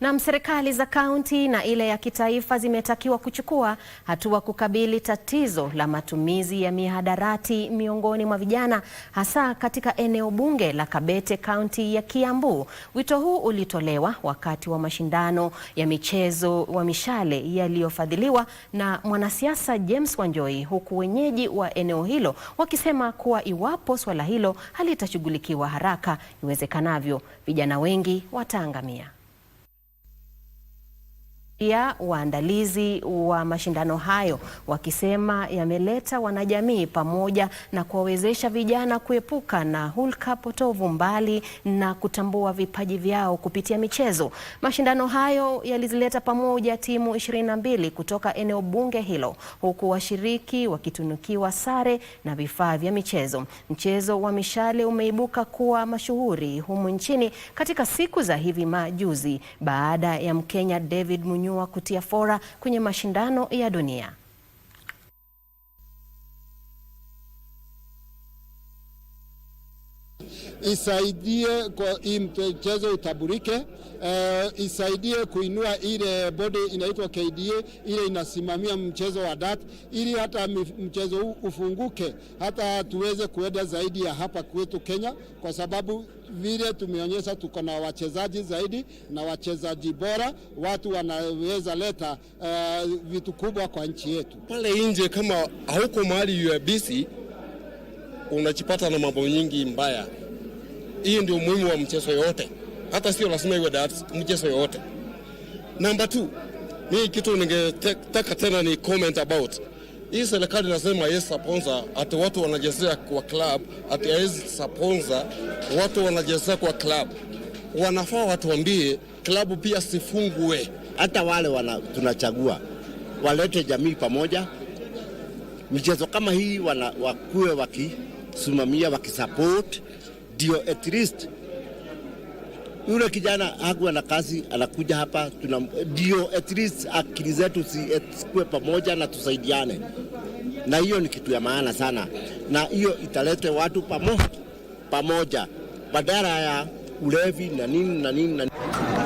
Na serikali za kaunti na ile ya kitaifa zimetakiwa kuchukua hatua kukabili tatizo la matumizi ya mihadarati miongoni mwa vijana hasa katika eneo bunge la Kabete, kaunti ya Kiambu. Wito huu ulitolewa wakati wa mashindano ya michezo wa mishale yaliyofadhiliwa na mwanasiasa James Wanjoi, huku wenyeji wa eneo hilo wakisema kuwa iwapo swala hilo halitashughulikiwa haraka iwezekanavyo, vijana wengi wataangamia pia waandalizi wa mashindano hayo wakisema yameleta wanajamii pamoja na kuwawezesha vijana kuepuka na hulka potovu mbali na kutambua vipaji vyao kupitia michezo. Mashindano hayo yalizileta pamoja timu 22 kutoka eneo bunge hilo huku washiriki wakitunukiwa sare na vifaa vya michezo. Mchezo wa mishale umeibuka kuwa mashuhuri humu nchini katika siku za hivi majuzi baada ya Mkenya David Munyuo wananyanyua kutia fora kwenye mashindano ya dunia. isaidie kwa hii mchezo itaburike, uh, eh, isaidie kuinua ile bodi inaitwa KDA ile inasimamia mchezo wa dat ili hata mchezo huu ufunguke, hata tuweze kuenda zaidi ya hapa kwetu Kenya, kwa sababu vile tumeonyesha tuko na wachezaji zaidi na wachezaji bora, watu wanaweza leta uh, vitu kubwa kwa nchi yetu. Pale nje kama hauko mahali UBC unachipata na mambo nyingi mbaya. Hii ndio umuhimu wa mchezo yote, hata sio lazima iwe darts, mchezo yote. Namba 2 mimi kitu ningetaka tena ni comment about hii serikali nasema yes sponsor ati watu wanajezea kwa club, ati yes sponsor watu wanajezea kwa club. Wanafaa watuambie klabu pia sifungwe, hata wale wana, tunachagua walete jamii pamoja. Michezo kama hii wana, wakuwe wakisimamia wakisupport ndio at least yule kijana hakuwa na kazi, anakuja hapa, ndio at least akili zetu zikuwe pamoja na tusaidiane, na hiyo ni kitu ya maana sana, na hiyo italete watu pamoja pamoja, badala ya ulevi na nini na nini na nini.